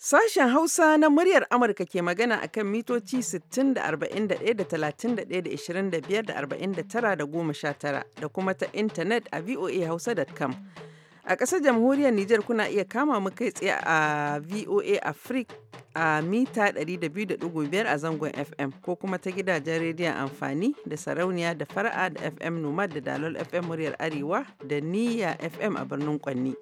Sashen Hausa na muryar Amurka ke magana a kan mitoci 60 da 41 da 31 da 25 da 49 da 19 da kuma ta intanet a voahausa.com. A ƙasar jamhuriyar Nijar kuna iya kama mu kai tsaye a VOA Africa a mita 200.5 a zangon FM ko kuma ta gidajen rediyon amfani da sarauniya da fara'a da FM Nomad da Dalol FM muryar Arewa da Niyya FM a birnin Kwanni.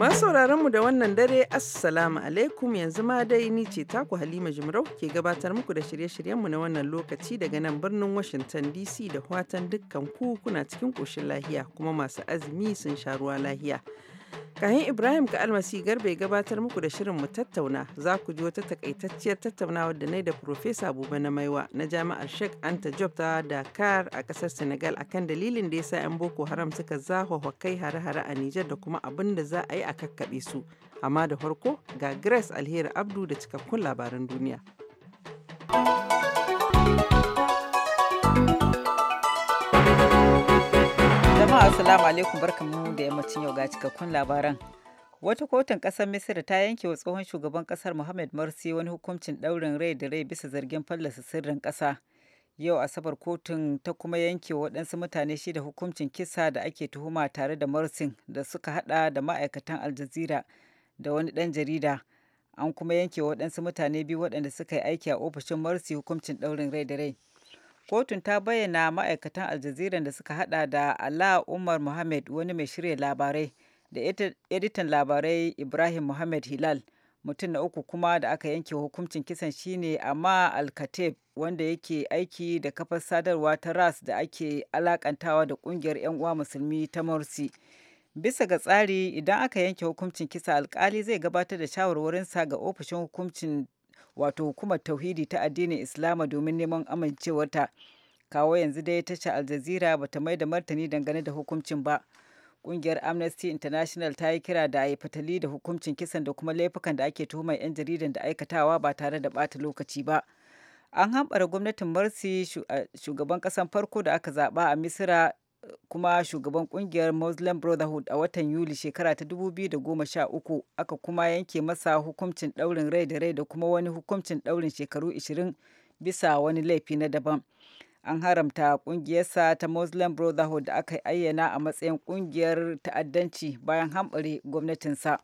Masu sauraronmu da wannan dare Assalamu alaikum yanzu ma dai ni ce taku Halima Jumrau ke gabatar muku da shirye-shiryenmu na wannan lokaci daga nan birnin Washington DC da watan dukkan ku kuna cikin ƙoshin lahiya kuma masu azumi sun sha ruwa lahiya. Kahin Ibrahim ka almasi garbe gabatar muku da shirin mu tattauna za ku ji wata takaitacciyar tattaunawar da nai da Profesa abuba na Maiwa na Jami'ar Sheikh Anta Job ta Dakar a kasar Senegal akan dalilin da ya sa 'yan Boko Haram suka zahwa kai hare-hare a Nijar da kuma abin da za a yi a kakkaɓe su. Amma da farko ga Grace Alheri Abdu da cikakkun labaran duniya. jama'a assalamu alaikum barkamu da yammacin yau ga cikakkun labaran wata kotun kasar misir ta yanke wa tsohon shugaban kasar muhammad morsi wani hukuncin daurin rai da rai bisa zargin fallasa sirrin kasa yau asabar kotun ta kuma yanke waɗansu mutane shida hukuncin kisa da ake tuhuma tare da morsin da suka hada da ma'aikatan aljazira da wani ɗan jarida an kuma yanke waɗansu mutane biyu waɗanda suka yi aiki a ofishin morsi hukuncin daurin rai da rai kotun ta bayyana ma'aikatan aljazeera da suka hada da ala umar muhammad wani mai shirya labarai da editan labarai ibrahim muhammad hilal mutum na uku kuma da aka yanke hukuncin kisan shine amma alkateb wanda yake aiki da kafar sadarwa ta ras da ake alakantawa da kungiyar 'yan uwa musulmi ta morsi bisa ga tsari idan aka yanke hukuncin kisa alkali zai gabatar da shawarwarinsa ga ofishin hukuncin wato hukumar tauhidi ta addinin islama domin neman amincewarta kawo yanzu dai tasha aljazira ba ta mai da martani dangane da hukuncin ba kungiyar amnesty international ta yi kira da a yi fatali da hukuncin kisan da kuma laifukan da ake tuhumar 'yan jaridan da aikatawa ba tare da bata lokaci ba an hambara gwamnatin marsi shugaban kasan farko da aka zaɓa a misira kuma shugaban kungiyar muslim brotherhood a watan yuli shekara ta 2013 aka kuma yanke masa hukuncin ɗaurin rai da rai da kuma wani hukuncin ɗaurin shekaru 20 bisa wani laifi na daban an haramta kungiyarsa ta muslim brotherhood da aka ayyana a matsayin kungiyar ta'addanci bayan hambare gwamnatinsa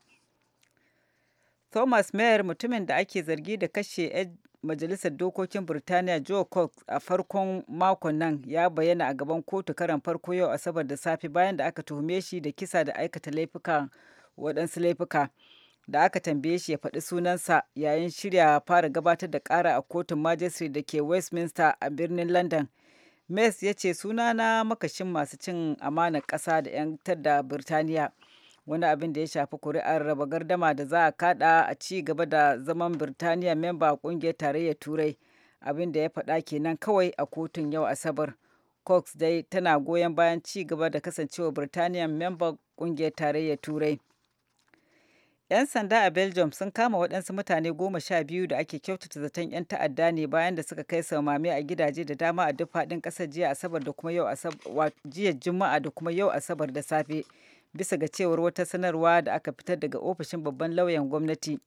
thomas mayer mutumin da ake zargi da kashe majalisar dokokin birtaniya joe cox a farkon makon nan ya bayyana a gaban kotu karan farko yau asabar da safe bayan da aka tuhume shi da kisa da aikata laifuka waɗansu laifuka da aka tambaye shi ya faɗi sunansa yayin shirya fara gabatar da ƙara a kotun majistri da ke westminster a birnin london mace ya ce sunana makashin masu cin amanar ƙasa da 'yantar da birtaniya wani abin da ya shafi kuri'ar raba gardama da za a kada a ci gaba da zaman birtaniya memba ƙungiyar kungiyar tarayyar turai abin da ya faɗa kenan kawai a kotun yau asabar cox dai tana goyon bayan ci gaba da kasancewa birtaniya memba kungiyar tarayyar turai 'Yan sanda a Belgium sun kama waɗansu mutane goma sha biyu da ake kyautata zaton 'yan ta'adda ne bayan da suka kai samami a gidaje da dama a duk faɗin ƙasar jiya Asabar jiya Juma'a da kuma yau Asabar da safe. bisa ga cewar wata sanarwa da aka fitar daga ofishin babban lauyan gwamnati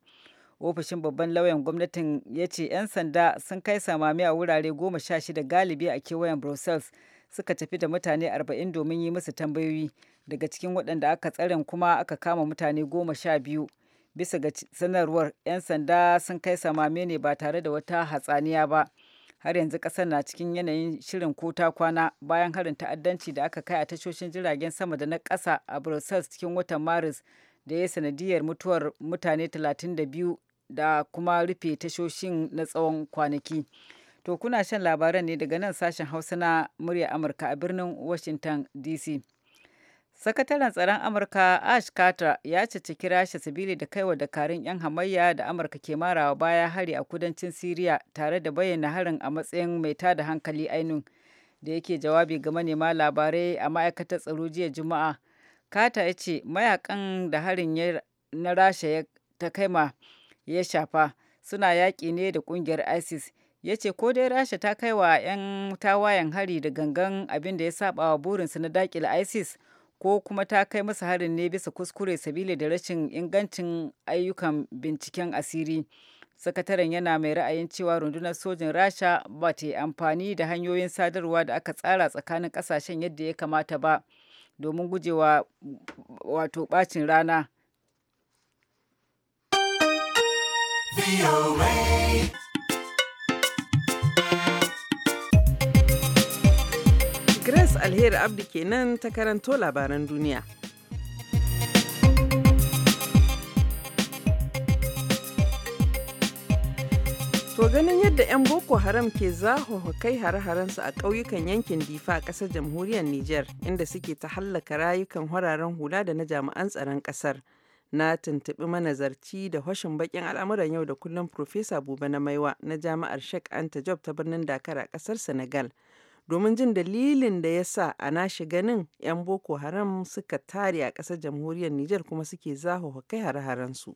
ofishin babban lauyan gwamnatin ya ce 'yan sanda sun kai samami a wurare goma sha shida galibi a kewayen brussels suka tafi da mutane 40 domin yi musu tambayoyi daga cikin waɗanda aka tsarin kuma aka kama mutane goma sha biyu bisa ga sanarwar 'yan sanda sun kai samame ne ba tare da wata hatsaniya ba har yanzu kasar na cikin yanayin shirin kota kwana bayan harin ta'addanci da aka kai a tashoshin jiragen sama da na ƙasa a brussels cikin watan maris da ya sanadiyar mutuwar mutane 32 da kuma rufe tashoshin na tsawon kwanaki to kuna shan labaran ne daga nan sashen hausa na murya amurka a birnin washington dc sakataren tsaron amurka ash carter ya cici rasha sabili da kaiwa dakarun 'yan hamayya da amurka ke marawa baya hari a kudancin syria tare da bayyana harin a matsayin mai tada hankali ainun da yake jawabi ga manema labarai a ma'aikatar tsaro jiya juma'a carter ya ce mayakan da harin na rasha ta kaima ya shafa suna yaƙi ne da ƙungiyar isis ya ce ko dai rasha ta kai wa 'yan tawayen hari da gangan abin da ya saba wa burinsu na daƙil isis ko kuma ta kai masa harin ne bisa kuskure sabili da rashin ingancin ayyukan binciken asiri sakataren yana mai ra'ayin cewa rundunar sojin rasha ba ta yi amfani da hanyoyin sadarwa da aka tsara tsakanin kasashen yadda ya kamata ba domin gujewa wato bacin rana. Grace Alheri Abdi kenan ta karanto labaran duniya. To ganin yadda 'yan Boko Haram ke zaho kai hare-harensu a ƙauyukan yankin Difa a ƙasar jamhuriyar Nijar inda suke ta hallaka rayukan hararen hula da na jami'an tsaron ƙasar. Na tuntuɓi manazarci da hoshin bakin al'amuran yau da kullum Profesa Buba na Maiwa na Jami'ar Sheikh Anta Job ta birnin Dakar a ƙasar Senegal. domin jin dalilin da ya sa a nashi ganin 'yan Boko Haram suka tare a ƙasar jamhuriyar Nijar kuma suke zahawa kai hare-harensu.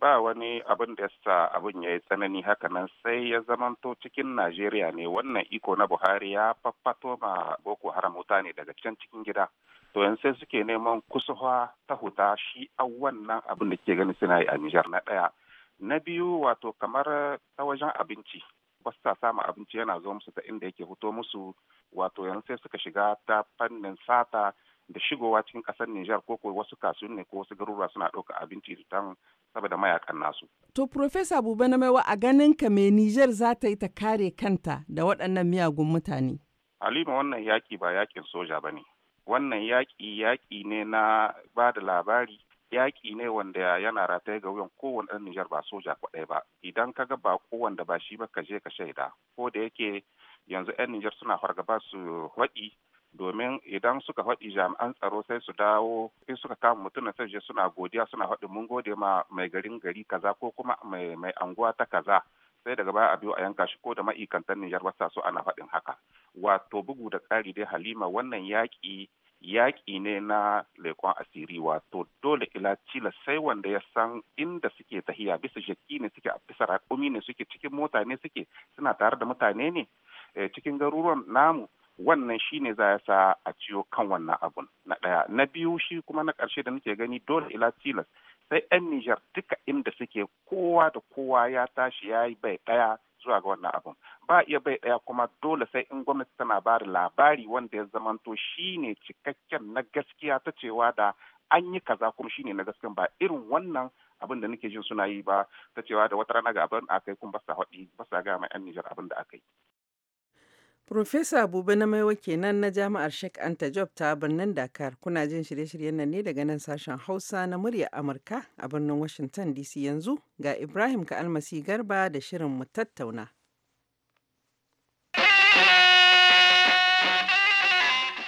Ba wani abin da ya sa abin ya yi tsanani haka nan sai ya zamanto cikin Najeriya ne wannan iko na Buhari ya faffato ma Boko Haram wuta ne daga can cikin gida. To yan sai suke neman kusurwa ta huta shi a wannan abin da ke gani suna yi a Nijar na ɗaya. Na biyu wato kamar ta wajen abinci ba sa samun abinci yana zo musu ta inda yake fito musu wato yanzu sai suka shiga ta fannin sata da shigowa cikin kasar Nijar ko ko wasu kasuwanni ko wasu garuruwa suna ɗauka abinci dan saboda mayakan nasu. To Profesa Buba na maiwa a ganin ka me Nijar za ta yi ta kare kanta da waɗannan miyagun mutane? Halima wannan yaƙi ba yaƙin soja ba ne. Wannan yaƙi yaƙi ne na ba da labari yaƙi ne wanda yana rataye ga wuyan kowane ɗan Nijar ba soja kwaɗai ba idan ka ga ba wanda ba shi ba ka je ka shaida ko da yake yanzu 'yan Nijar suna fargaba su haɗi domin idan suka haɗi jami'an tsaro sai su dawo in suka kama mutum sai je suna godiya suna haɗi mun gode ma mai garin gari kaza ko kuma mai anguwa ta kaza sai daga baya a biyo a yanka shi ko da ma'aikantan Nijar ba sa so ana faɗin haka wato bugu da ƙari dai Halima wannan yaƙi yaƙi ne na leƙon asiri wato dole ila cila sai wanda ya san inda suke tahiya bisa jaki ne suke a bisa raƙumi ne suke cikin mota ne suke suna tare da mutane ne eh, cikin garuruwan namu wannan shi ne za ya sa a ciyo kan wannan abun na ɗaya na biyu shi kuma na ƙarshe da nake gani dole ila tilas sai 'yan Nijar duka inda suke kowa da kowa ya tashi ya yi bai ɗaya zuwa ga wannan abin ba iya bai daya kuma dole sai in gwamnati tana ba da labari wanda ya zamanto shine cikakken na gaskiya ta cewa da an yi kaza kuma shine na gaskiya ba irin wannan abin da nake jin suna yi ba ta cewa da wata rana ga abin akai kuma ba sa haɗi ba sa ga mai yan Nijar abin da akai Profesa Abubu na Maiwa kenan na Jami'ar Sheikh Anta Job ta birnin Dakar. Kuna jin shirye-shiryen nan ne daga nan sashen Hausa na murya Amurka a birnin Washington DC yanzu ga Ibrahim ka almasi Garba da shirin mu tattauna.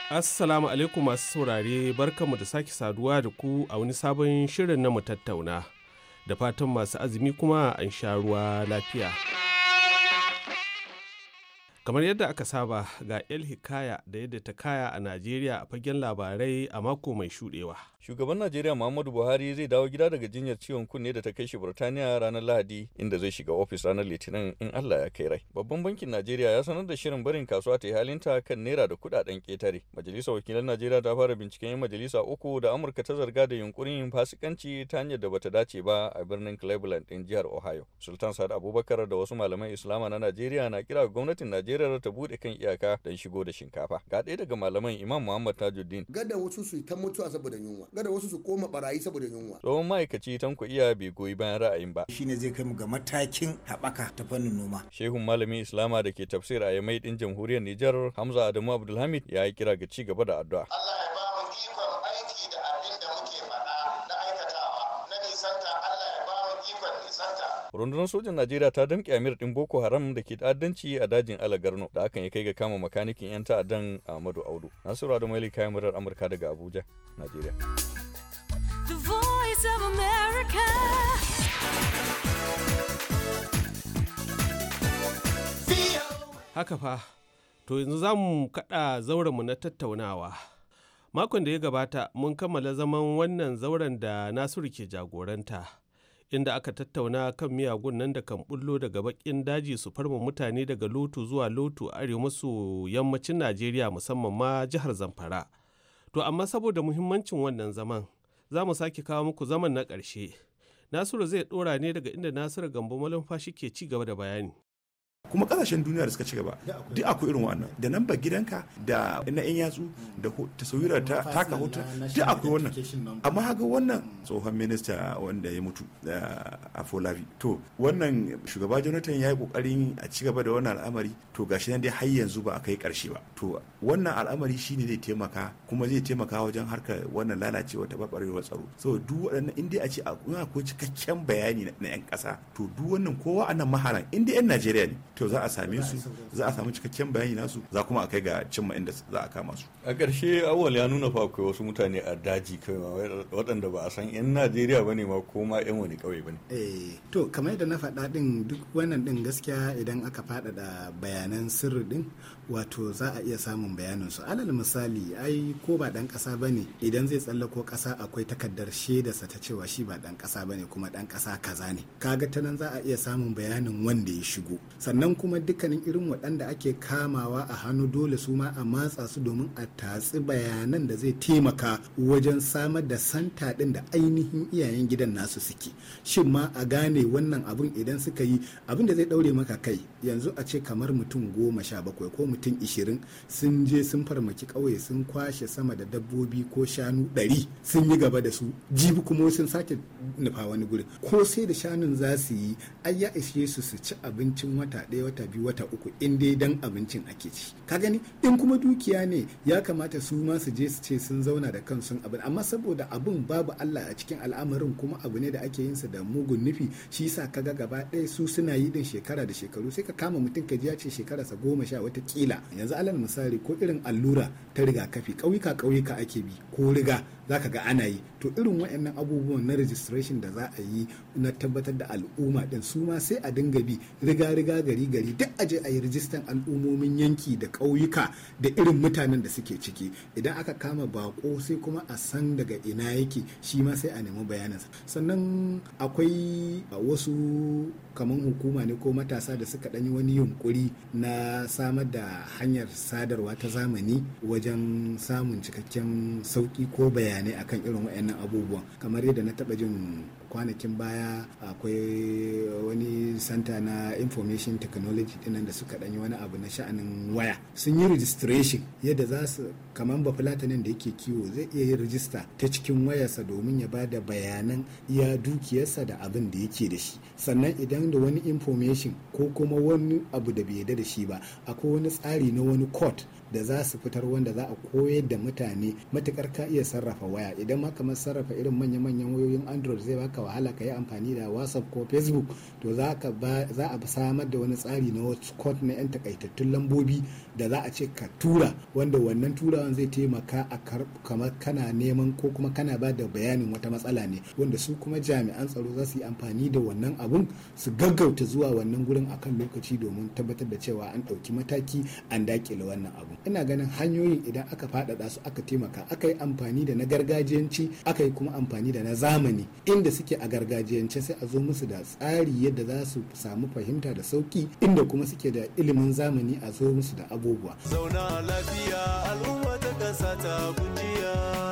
Assalamu alaikum masu saurare barkanmu da sake saduwa da ku a wani sabon shirin na mu tattauna. Da fatan masu azumi kuma an sha ruwa lafiya. kamar yadda aka saba ga el hikaya da yadda ta kaya a najeriya a fagen labarai a mako mai shudewa Shugaban Najeriya Muhammadu Buhari zai dawo gida daga jinyar ciwon kunne da ta kai shi Burtaniya ranar Lahadi inda zai shiga ofis ranar Litinin in Allah ya kai rai. Babban bankin Najeriya ya sanar da shirin barin kasuwa ta yi halinta kan naira da kudaden ketare. Majalisar wakilan Najeriya ta fara binciken majalisa uku da Amurka ta zarga da yunkurin fasikanci ta hanyar da bata dace ba a birnin Cleveland din jihar Ohio. Sultan Sa'ad Abubakar da wasu malaman Islama na Najeriya na kira gwamnatin Najeriya ta bude kan iyaka don shigo da shinkafa. Ga ɗaya daga malaman Imam Muhammad Tajuddin. Gada wasu su ta mutuwa saboda yunwa. kada wasu su koma barayi saboda yunwa. Tsohon ma'aikaci Tanko Iya bai goyi bayan ra'ayin ba. Shine zai kai mu ga matakin haɓaka ta fannin noma. Shehun malamin Islama da ke tafsir a Yamai ɗin jamhuriyar Nijar Hamza Adamu Abdulhamid ya yi kira ga ci gaba da addu'a. rundunar sojan najeriya ta damƙe amir ɗin boko haram da ke ta'addanci a dajin alagarno da hakan ya kai ga kama makanikin 'yan ta'addan ahmadu audu nasiru adamali kayan murar amurka daga abuja najeriya haka fa to yanzu za mu kaɗa zaurenmu na tattaunawa makon da ya gabata mun kammala zaman wannan zauren da nasiru ke jagoranta inda aka tattauna kan miyagun nan da kan bullo daga bakin daji su farma mutane daga lotu zuwa lotu arewa maso yammacin najeriya musamman ma jihar zamfara to amma saboda muhimmancin wannan zaman za mu sake kawo muku zaman na ƙarshe nasiru zai ɗora ne daga inda nasiru gambo malumfashi ke ci gaba da bayani kuma kasashen duniya da suka ci gaba duk akwai irin wannan da nan ba gidanka da na yan yatsu da tasawirar taka hoto duk akwai wannan amma haka wannan tsohon minista wanda ya mutu eh, a folavi to wannan shugaba jonathan ya yi kokarin a ci gaba da wannan al'amari to gashi nan dai har yanzu ba a kai karshe ba to wannan al'amari shine zai taimaka kuma zai taimaka wajen harkar wannan lalacewa ta babarewar tsaro so duk waɗannan in dai a ce akwai cikakken bayani na 'yan ƙasa to duk wannan kowa a nan maharan in dai 'yan najeriya ne to za a same su za a samu cikakken bayani nasu za kuma a kai ga cimma inda za a kama su a ƙarshe awwal ya nuna fa akwai wasu mutane a daji kai waɗanda ba a san yan Najeriya bane ma ko ma yan wani ƙauye bane eh to kamar yadda na faɗa din duk wannan din gaskiya idan aka faɗaɗa bayanan sirri din wato za a iya samun bayanin su alal misali ai ko ba dan kasa bane idan zai tsallako kasa akwai takardar shaidarsa ta cewa shi ba dan kasa bane kuma dan kasa kaza ne kaga ta nan za a iya samun bayanin wanda ya shigo sannan kuma dukkanin irin waɗanda ake kamawa a hannu dole su ma a matsa su domin a tatsi bayanan da zai taimaka wajen samar da santa din da ainihin iyayen gidan nasu suke shin ma a gane wannan abun idan suka yi abin da zai daure maka kai yanzu a ce kamar mutum goma sha bakwai ko mutum 20 sun je sun farmaki ƙauye sun kwashe sama da dabbobi ko shanu 100 sun yi gaba da su jibi kuma sun sake nufa wani gurin ko sai da shanun za su yi ai ya ishe su su ci abincin wata ɗaya wata biyu wata uku in dai dan abincin ake ci ka gani in kuma dukiya ne ya kamata su ma su je su ce sun zauna da kansu abin amma saboda abin babu Allah a cikin al'amarin kuma abu ne da ake yin sa da mugun nufi shi sa kaga gaba ɗaya su suna yi din shekara da shekaru sai ka kama mutum ka ji ya ce shekararsa goma sha wata kila yanzu alal misali ko irin allura ta rigakafi ƙauyuka ƙauyuka ake bi ko riga za ka ga ana yi to irin waɗannan abubuwan na registration da za a yi na tabbatar da al'umma ɗin su ma sai a dinga bi riga riga gari gari duk a je a yi rijistan al'ummomin yanki da ƙauyuka da irin mutanen da suke ciki idan aka kama bako sai kuma a san daga ina yake shi ma sai a nemi bayaninsa sannan akwai wasu kamar hukuma ne ko matasa da suka ɗanyi wani yunkuri na samar da hanyar sadarwa ta zamani wajen samun cikakken sauƙi ko bayani bayanai akan irin wayannan abubuwan kamar yadda na taba jin kwanakin baya akwai wani santa na information technology dinan da suka danyi wani abu na sha'anin waya sun yi registration yadda za su kamar ba fulatanin da yake kiwo zai iya yin rijista ta cikin wayarsa domin ya ba da bayanan iya dukiyarsa da abin da yake da shi sannan idan da wani information ko kuma wani abu da bai yarda da shi ba akwai wani tsari na wani court da za su fitar wanda za a koyar da mutane matukar ka iya sarrafa waya idan ma kamar sarrafa irin manya-manyan wayoyin android zai baka wahala ka yi amfani da whatsapp ko facebook to za a samar da wani tsari na hotspot na 'yan takaitattun lambobi da za a ce ka tura wanda wannan turawan zai taimaka a kamar kana neman ko kuma kana ba da bayanin wata matsala ne wanda su kuma jami'an tsaro za su yi amfani da wannan abun su gaggauta zuwa wannan gurin akan lokaci domin tabbatar da cewa an ɗauki mataki an dakile wannan abun ina ganin hanyoyin idan aka faɗaɗa su aka taimaka aka yi amfani da na gargajiyanci aka yi kuma amfani da na zamani inda suke a gargajiyance sai a zo musu da tsari yadda za su samu fahimta da sauki inda kuma suke da ilimin zamani a zo musu da abubuwa zauna lafiya al'umma ta kasa ta gujiya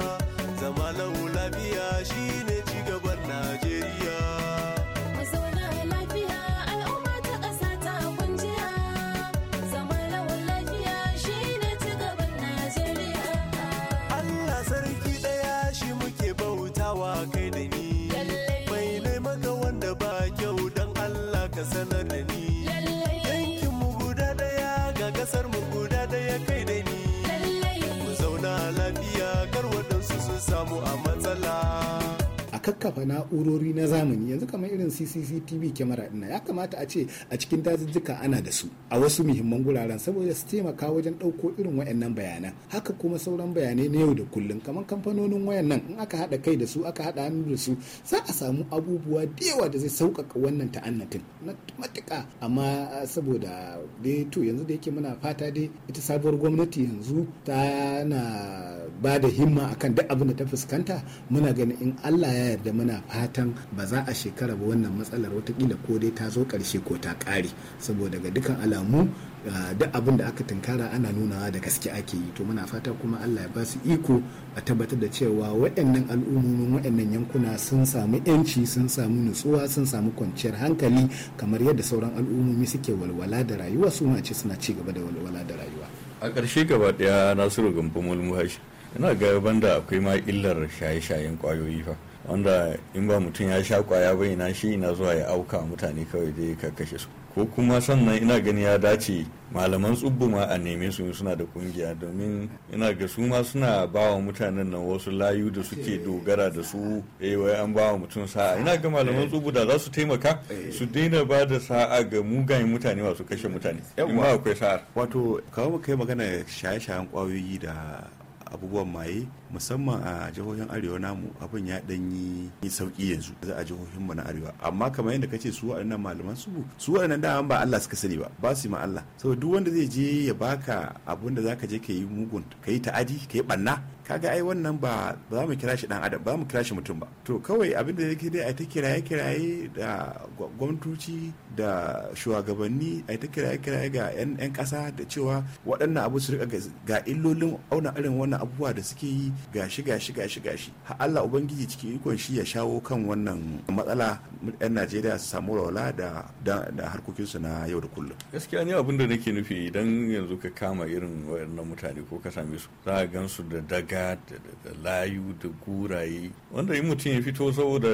kakkafa na'urori na zamani yanzu kamar irin CCTV kyamara ɗin ya kamata a ce a cikin dazuzzuka ana da su a wasu muhimman guraren saboda su taimaka wajen ɗauko irin wayannan bayanan haka kuma sauran bayanai na yau da kullum kamar kamfanonin wayan nan in aka haɗa kai da su aka haɗa hannu da su za a samu abubuwa da yawa da zai sauƙaƙa wannan ta'annatin na matuƙa amma saboda dai to yanzu da yake muna fata dai ita sabuwar gwamnati yanzu tana ba da himma akan duk abin da ta fuskanta muna ganin in Allah ya yarda muna fatan ba za a shekara ba wannan matsalar watakila ko dai ta zo karshe ko ta kare saboda ga dukkan alamu ah, duk abin da aka tunkara ana nunawa da gaske ake yi to muna fata kuma Allah ya ba su iko a tabbatar da cewa waɗannan al'ummomin waɗannan yankuna sun samu yanci sun samu nutsuwa sun samu kwanciyar hankali kamar yadda sauran al'ummomi suke walwala da rayuwa su ma ce suna ci gaba da walwala da rayuwa a ƙarshe gaba ɗaya nasiru gambo mulmuhashi ina ga banda akwai ma illar shaye-shayen ƙwayoyi fa wanda in ba mutum ya sha kwaya ba ina shi ina zuwa ya auka mutane kawai dai ka kashe su ko kuma sannan ina gani ya dace malaman tsubbu ma a neme su suna da kungiya domin ina ga su ma suna ba wa mutanen nan wasu layu da suke dogara da su eh wai an ba wa mutum sa'a ina ga malaman tsubbu da za su taimaka su daina ba da sa'a ga mugayen mutane masu kashe mutane in ba akwai sa'a wato kawo kai magana shaye-shayen kwayoyi da abubuwan maye musamman a jihohin arewa namu abin ya danyi sauki yanzu za a jihohinmu na arewa amma kamar yadda kace su waɗannan malaman su su waɗannan da ba Allah suka sani ba ba su ma Allah saboda duk wanda zai je ya baka abun da zaka je ka mugun ka yi ta'adi ka yi banna kaga ai wannan ba za mu kira shi dan adam ba mu kira shi mutum ba to kawai abin da yake dai ai ta kiraye kiraye da gwamnatoci da shugabanni ai ta kiraye kiraye ga yan yan kasa da cewa waɗannan abu su rika ga illolin auna irin wannan abubuwa da suke yi gashi gashi gashi gashi ha Allah ubangiji cikin ikon shi ya shawo kan wannan matsala yan Najeriya su samu rawala da da harkokinsu na yau da kullum gaskiya ne abin da nake nufi idan yanzu ka kama irin wayannan mutane ko ka same su za ka gan su da daga jaka da layu da guraye wanda in mutum ya fito saboda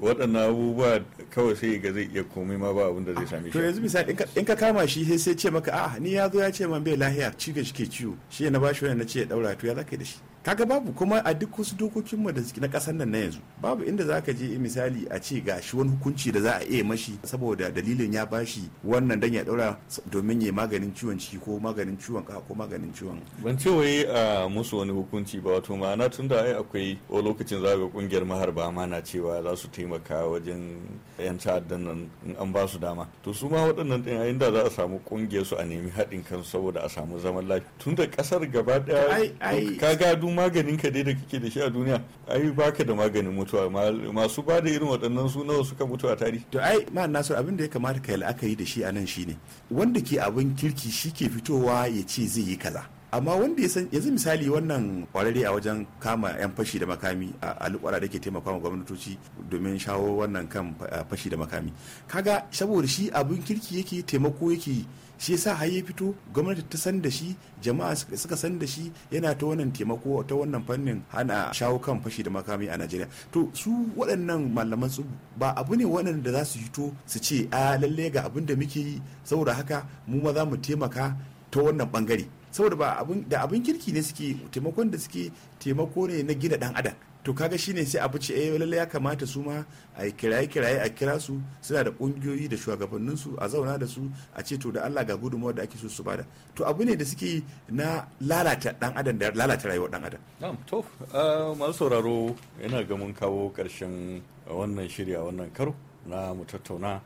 waɗannan abubuwa kawai sai ga zai iya komai ma ba abinda zai sami shi to yanzu misali in ka kama shi sai ce maka a'a ni ya zo ya ce man bai lahiya cikin shi ke ciwo shi na bashi wani na ce ya daura to ya zaka da shi kaga babu kuma a duk wasu dokokinmu da na kasar nan na yanzu babu inda zaka je misali a ce gashi wani hukunci da za a iya mashi saboda dalilin ya bashi wannan dan ya daura domin ya maganin ciwon ciki ko maganin ciwon ka ko maganin ciwon ban ce wai a musu wani hukunci ba wato ma'ana tunda ai akwai o lokacin za ga kungiyar maharba ma na cewa za su taimaka wajen yan ta'addan nan in an ba su dama to su ma waɗannan din a inda za a samu kungiyar su a nemi haɗin kansu saboda a samu zaman lafiya tunda kasar gaba ɗaya ka gado maganin ka ne da kake da shi a duniya ai baka da maganin mutuwa masu ba da irin waɗannan su nawa suka mutu a tarihi to ai ma nasu abin da ya kamata kai la'akari da shi a nan shine wanda ke abin kirki shi ke fitowa ya ce zai yi kaza amma wanda ya san yanzu misali wannan kwararre a wajen kama yan fashi da makami a alƙwara da ke taimaka ma gwamnatoci domin shawo wannan kan fashi da makami kaga saboda shi abin kirki yake taimako yake shi yasa har ya fito gwamnati ta san da shi jama'a suka san da shi yana ta wannan taimako ta wannan fannin hana shawo kan fashi da makami a Najeriya to su waɗannan malaman su ba abu ne waɗanda za su yi to su ce a lalle ga abin da muke yi saboda haka mu ma za mu taimaka ta wannan bangare saboda ba da abin kirki ne suke taimakon da suke taimako ne na gina dan adam to kaga shine sai a ce eh lalle ya kamata su ma a kiraye kiraye a kira su suna da kungiyoyi da shugabannin su a zauna da su a ce to da Allah ga gudunmawar da ake so su bada to abu ne da suke na lalata dan adam da lalata rayuwar dan adam na'am to masu sauraro yana ga mun kawo karshen wannan shirya wannan karo na mu tattauna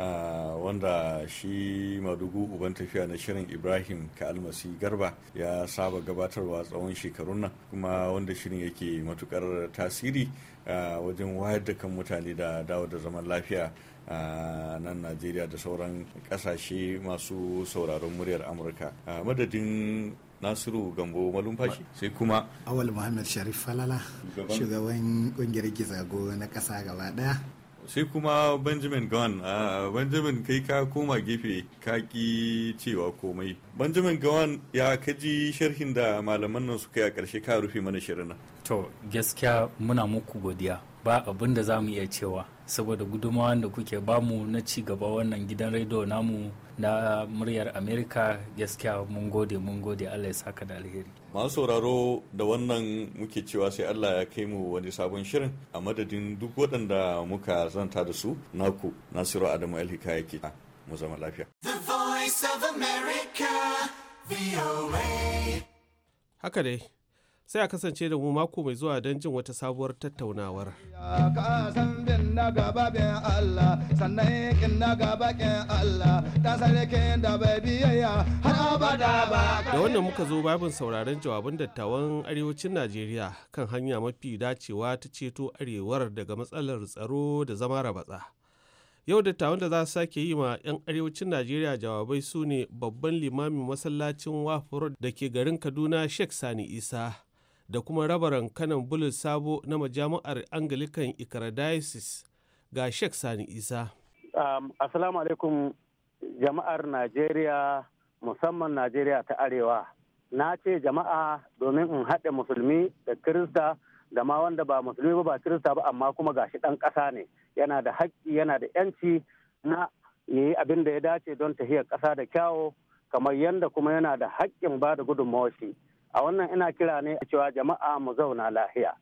Ah, wanda shi madugu uban tafiya na shirin ibrahim ka almasi garba ya saba gabatarwa tsawon shekarun nan kuma wanda shirin yake matukar tasiri ah, wajen wayar da kan mutane da dawo da zaman lafiya a ah, nan najeriya da sauran kasashe masu sauraron muryar amurka madadin nasiru gambo malumfashi sai kuma awal muhammad sharif falala shugaban kungiyar gizago na kasa gaba daya sai kuma benjamin gawan benjamin kai ka koma gefe ka ki cewa komai benjamin gawan ya kaji sharhin da malaman nan suka yi a ka rufe mana shirin to gaskiya muna muku godiya ba abin da za mu iya cewa saboda gudumawa da kuke bamu na ci gaba wannan gidan rediyo namu na muryar amerika gaskiya mun gode mun gode allah ya saka da alheri masu sauraro da wannan muke cewa sai Allah ya kai mu wani sabon shirin a madadin duk waɗanda muka zanta da su naku Nasiru Adamu Alhika yake mu zama lafiya. The Haka dai, sai a kasance da mu mako mai zuwa don jin wata sabuwar tattaunawar. sannan yakin na bakin Allah da bai biyayya har abada ba da wannan muka zo babin sauraron jawaban dattawan arewacin Najeriya kan hanya mafi dacewa ta ceto arewar daga matsalar tsaro da zama rabatsa yau dattawan da za su sake yi ma 'yan arewacin najeriya jawabai su ne babban limamin masallacin wafuro da ke garin kaduna sheikh sani isa da kuma rabaran kanan bulus sabo na majami'ar anglican ikara diocese ga Sheikh Sani Isa. Um, Assalamu alaikum jama'ar Najeriya musamman Najeriya ta Arewa. Na ce jama'a domin in haɗe musulmi da Kirista da ma wanda ba musulmi ba ba Kirista ba amma kuma ga shi ɗan ƙasa ne yana da haƙƙi yana da 'yanci na yayi abin da ya dace don tahiyar ƙasa da kyawo kamar yadda kuma yana da haƙƙin ba da gudunmawar shi. A wannan ina kira ne cewa jama'a mu zauna lahiya.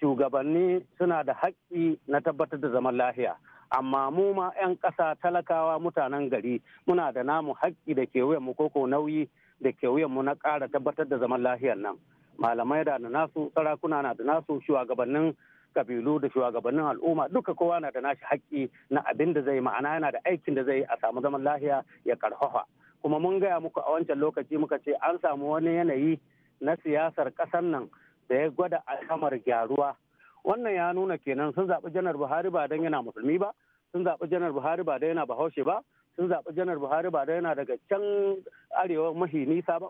shugabanni suna da haƙƙi na tabbatar da zaman lahiya amma mu ma 'yan ƙasa talakawa mutanen gari muna da namu haƙƙi da kewayen mu koko nauyi da kewayen mu na ƙara tabbatar da zaman lafiyar nan malamai da na nasu sarakuna na da nasu shugabannin kabilu da shugabannin al'umma duka kowa na da nashi haƙƙi na abin da zai ma'ana yana da aikin da zai a samu zaman lahiya ya karfafa kuma mun gaya muku a wancan lokaci muka ce an samu wani yanayi na siyasar ƙasar nan da ya gwada alhamar gyaruwa wannan ya nuna kenan sun zaɓi janar buhari ba don yana musulmi ba sun zaɓi janar buhari ba don yana bahaushe ba sun zaɓi janar buhari ba don yana daga can arewa mahi nisa ba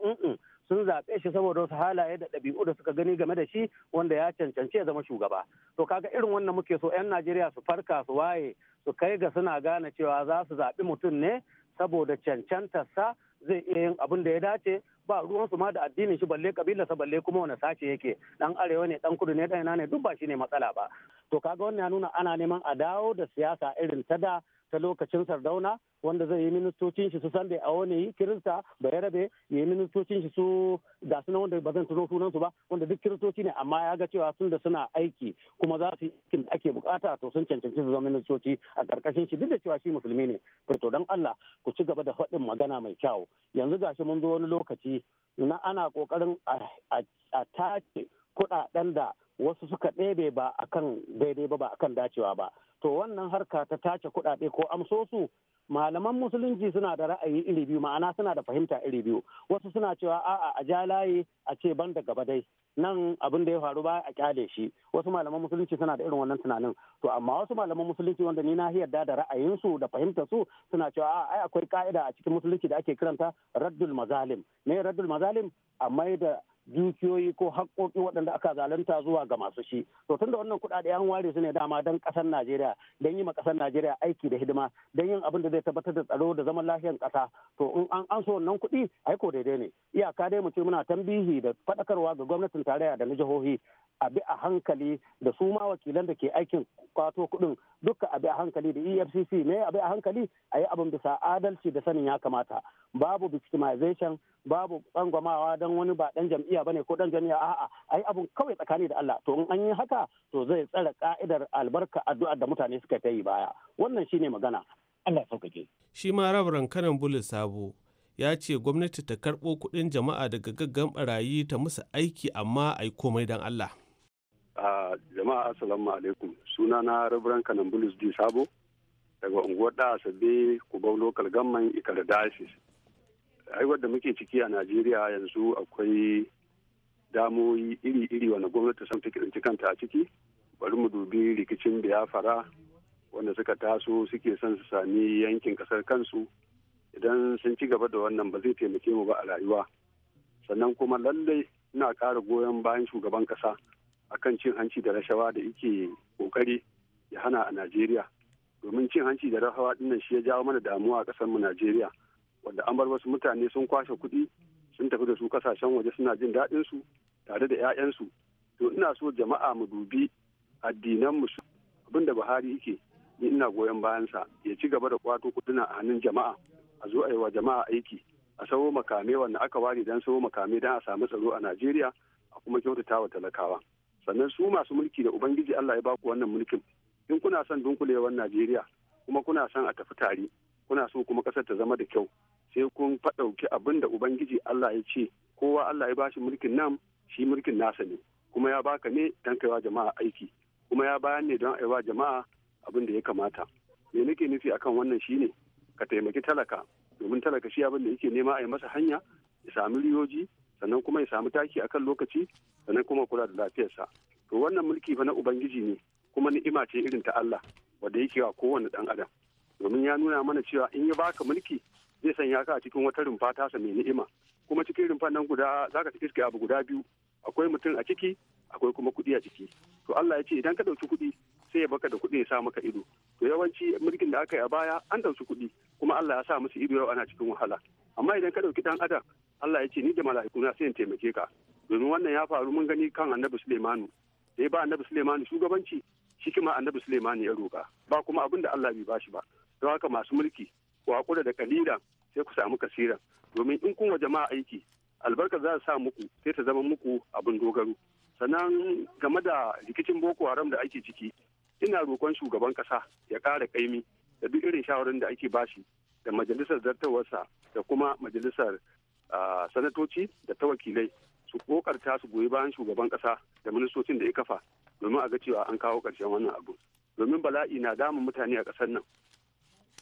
sun zaɓe shi saboda wasu halaye da ɗabi'u da suka gani game da shi wanda ya cancanci ya zama shugaba to kaga irin wannan muke so 'yan najeriya su farka su waye su kai ga suna gane cewa za su zaɓi mutum ne saboda cancantarsa zai iya yin abin da ya dace ba su ma da addinin shi balle sa balle kuma wani sace yake dan arewa ne dan kudu ne dan ina ne duk ba shine matsala ba to kaga wannan ya nuna ana neman a dawo da siyasa irin ta da ta lokacin sardauna wanda zai yi ministocin shi su sande a wani kirista ba ya rabe ya yi ministocin shi su ga sunan wanda ba zan tuno sunan su ba wanda duk kiristoci ne amma ya ga cewa sun da suna aiki kuma za su yi da ake bukata to sun cancanci su zama ministoci a karkashin shi duk da cewa shi musulmi ne to dan Allah ku ci gaba da faɗin magana mai kyau yanzu gashi mun zo wani lokaci na ana kokarin a tace kuɗaɗen da wasu suka ɗebe ba akan daidai ba ba akan dacewa ba to wannan harka ta tace kuɗaɗe ko amso su malaman musulunci suna da ra'ayi iri biyu ma'ana suna da fahimta iri biyu wasu suna cewa a'a a ja layi a ce ban da gaba dai nan abin da ya faru ba a kyale shi wasu malaman musulunci suna da irin wannan tunanin to amma wasu malaman musulunci wanda ni na yarda da ra'ayin su da fahimtar su suna cewa a'a ai akwai ka'ida a cikin musulunci da ake kiranta raddul mazalim me raddul mazalim a mai da dukiyoyi ko haƙƙoƙi waɗanda aka zalunta zuwa ga masu shi to tunda wannan kuɗaɗe an ware su ne dama don ƙasar Najeriya don yi ma ƙasar Najeriya aiki da hidima don yin abin da zai tabbatar da tsaro da zaman lafiyan ƙasa to in an an so wannan kuɗi ai ko daidai ne iyaka dai mu ce muna tambihi da faɗakarwa ga gwamnatin tarayya da na jihohi a bi a hankali da su ma wakilan da ke aikin kwato kuɗin duka abi a hankali da efcc ne abi a hankali a yi abin bisa adalci da sanin ya kamata babu victimization babu tsangwamawa don wani ba dan jam'iyya bane ko dan jam'iyya a'a a yi abin kawai tsakani da Allah to in an yi haka to zai tsare ka'idar albarka addu'ar da mutane suka ta yi baya wannan shine magana Allah sauƙaƙe shi ma rabaran kanan bulu sabo ya ce gwamnati ta karɓo kuɗin jama'a daga gaggan barayi ta musu aiki amma a yi komai don Allah. a jama'a assalamu alaikum na rabran kanan bulus di sabo daga unguwar da asabe bau local gamman ikar diocese aiwar da muke ciki a najeriya yanzu akwai damoyi iri-iri wanda gwamnati sun fi kiranci kanta a ciki bari mu dubi rikicin biyafara wanda suka taso suke son su sami yankin kasar kansu idan sun ci gaba da wannan ba zai taimake mu ba a rayuwa sannan kuma lallai ina ƙara goyon bayan shugaban ƙasa. akan cin hanci da rashawa da yake kokari ya hana a Najeriya domin cin hanci da rashawa dinnan shi ya jawo mana damuwa a kasar mu Najeriya wanda an bar wasu mutane sun kwashe kuɗi sun tafi da su kasashen waje suna jin daɗin su tare da 'ya'yansu to ina so jama'a mu dubi addinan mu abinda Buhari yake ni ina goyon bayan sa ya ci gaba da kwato kuɗina a hannun jama'a a zo a yi wa jama'a aiki a sawo makame wanda aka ware dan sawo makame dan a samu tsaro a Najeriya a kuma kyautata wa talakawa. sannan su masu mulki da ubangiji Allah ya baku wannan mulkin in kuna son dunkulewar Najeriya kuma kuna son a tafi tare kuna so kuma kasar ta zama da kyau sai kun faɗauki abin da ubangiji Allah ya ce kowa Allah ya bashi mulkin nan shi mulkin nasa ne kuma ya baka ne don kaiwa jama'a aiki kuma ya bayan ne don aiwa jama'a abin da ya kamata me nake nufi akan wannan shine ka taimaki talaka domin talaka shi abin da yake nema a yi masa hanya ya sami riyoji sannan kuma ya samu taki akan lokaci sannan kuma kula da lafiyarsa to wannan mulki fa na ubangiji ne kuma ni'ima ce irin ta Allah wanda yake wa kowane dan adam domin ya nuna mana cewa in ya baka mulki zai sanya ka a cikin wata rumfa tasa mai ni'ima kuma cikin rumfan nan guda zaka ci iska abu guda biyu akwai mutum a ciki akwai kuma kuɗi a ciki to Allah ya ce idan ka dauki kuɗi sai ya baka da kuɗi ya sa maka ido to yawanci mulkin da aka yi a baya an ɗauki kuɗi kuma Allah ya sa musu ido yau ana cikin wahala amma idan ka dauki ɗan adam Allah ya ce ni da mala'iku na sai in taimake ka domin wannan ya faru mun gani kan annabi Sulaimanu da ya ba annabi Sulaimanu shugabanci shi kuma annabi Sulaimanu ya roka ba kuma abin da Allah bai bashi ba don haka masu mulki ku hakura da kalila sai ku samu kasira domin in kun wa jama'a aiki albarka za sa muku sai ta zama muku abin dogaro sannan game da rikicin boko haram da ake ciki ina roƙon shugaban ƙasa ya ƙara kaimi da duk irin shawarar da ake bashi da majalisar zartawarsa da kuma majalisar sanatoci da ta wakilai su kokarta su goyi bayan shugaban kasa da ministocin da ya kafa domin a ga cewa an kawo ƙarshen wannan abu domin bala'i na damun mutane a ƙasar nan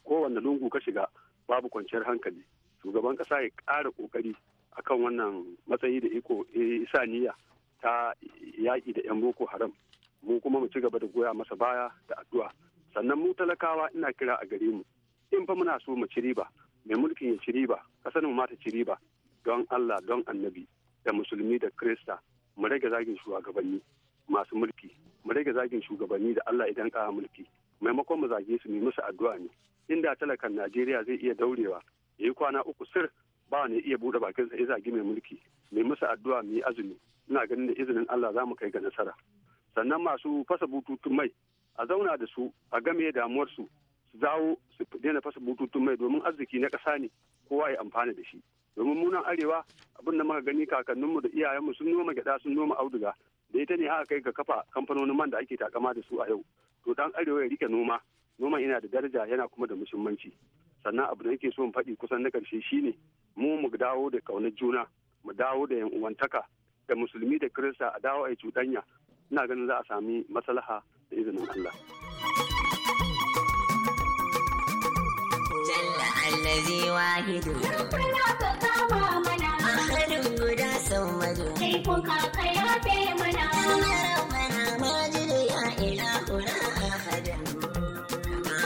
kowanne lungu ka shiga babu kwanciyar hankali shugaban kasa ya ƙara ƙoƙari akan wannan matsayi da iko isa niyya ta yaƙi da 'yan boko haram mu kuma mu ci gaba da goya masa baya da addu'a sannan mu talakawa ina kira a gare mu in fa muna so mu ci riba mai mulkin ya ci riba kasar mu ma ta ci riba don Allah don annabi da musulmi da krista mu rage zagin shugabanni masu mulki mu rage zagin shugabanni da Allah idan ka mulki maimakon mu zage su mu musu addu'a ne inda talakan Najeriya zai iya daurewa yayi kwana uku sir ba ne iya bude bakinsa ya zagi mai mulki mai musu addu'a mu yi azumi ina ganin da izinin Allah za mu kai ga nasara sannan masu fasa bututun mai a zauna da su a game damuwarsu su zawo su daina fasa bututun mai domin arziki na ƙasa ne kowa ya amfana da shi domin munan arewa abin da muka gani kakanninmu da iyayenmu sun noma gyada sun noma auduga da ita ne haka kai ka kafa kamfanonin man da ake takama da su a yau to dan arewa ya rike noma noman yana da daraja yana kuma da muhimmanci sannan abu da yake so mu faɗi kusan na ƙarshe shine mu mu dawo da ƙaunar juna mu dawo da yan uwantaka da musulmi da kirista a dawo a yi cuɗanya ina ganin za a sami maslaha da izinin Allah. allazi wahidu rukuna ka kama mana ahadin guda sau madu laifin kaka ya fe mana rabbana majidu ya ilahuna ahadan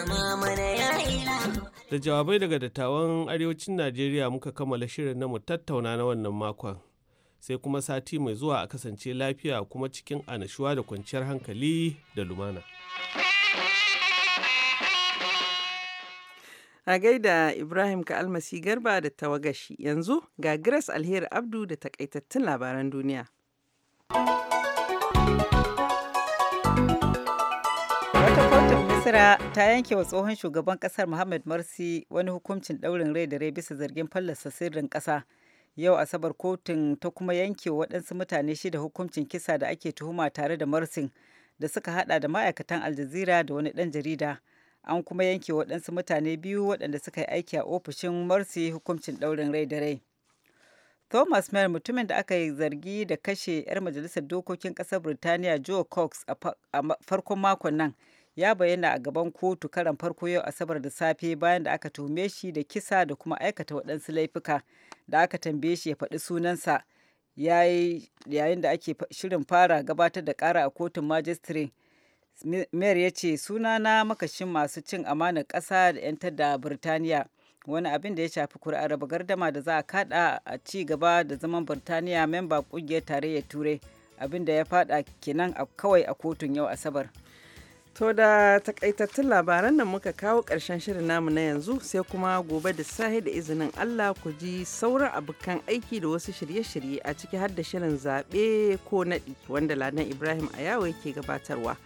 mama mana ya da jawabai daga dattawan arewacin najeriya muka kammala shirin na mu tattauna na wannan makon sai kuma sati mai zuwa a kasance lafiya kuma cikin anashuwa da kwanciyar hankali da lumana. A gaida Ibrahim ka almasi Garba da tawagashi yanzu ga Grace Alheri Abdu da takaitattun labaran duniya. Wata kotun Misira ta yanke wa tsohon shugaban kasar Muhammad Morsi wani hukuncin daurin rai da rai bisa zargin fallasa sirrin kasa Yau Asabar kotun ta kuma yanke wa waɗansu mutane shida hukuncin kisa da ake tuhuma tare da Morsin da suka haɗa da ma'aikatan Aljazira da wani ɗan jarida. an kuma yanke waɗansu mutane biyu waɗanda suka yi aiki a ofishin Morsi hukuncin ɗaurin rai da rai. Thomas Mayer mutumin da aka yi zargi da kashe 'yar majalisar dokokin ƙasar Birtaniya Joe Cox a farkon makon nan ya bayyana a gaban kotu karan farko yau Asabar da safe bayan da aka tuhume shi da kisa da kuma aikata waɗansu laifuka da aka tambaye shi ya faɗi sunansa yayin da ake shirin fara gabatar da ƙara a kotun majistare Mayor ya ce suna na makashin masu cin amanar ƙasa da 'yantar da Birtaniya. Wani abin da ya shafi kuri'ar raba gardama da za a kada a ci gaba da zaman Birtaniya memba kungiyar tarayyar Turai. Abin da ya fada kenan a kawai a kotun yau Asabar. To da takaitattun labaran nan muka kawo ƙarshen shirin namu na yanzu sai kuma gobe da sahi da izinin Allah ku ji sauran abokan aiki da wasu shirye-shirye a ciki har da shirin zaɓe ko naɗi wanda Ladan Ibrahim a yawo yake gabatarwa.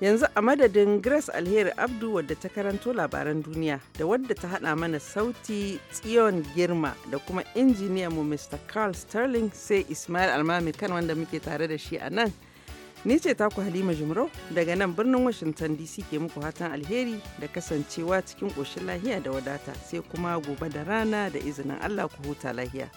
Yanzu a madadin Grace Alheri Abdu wadda ta karanto labaran duniya da wadda ta hada mana sauti Tsiyon Girma da kuma mu Mr. Carl Sterling sai Ismail Almami kan wanda muke tare da shi a nan. Ni ce taku Halima jimro daga nan birnin Washington DC ke muku hatan alheri da kasancewa cikin koshin lahiya da wadata sai kuma gobe da rana da izinin Allah ku huta lahiya.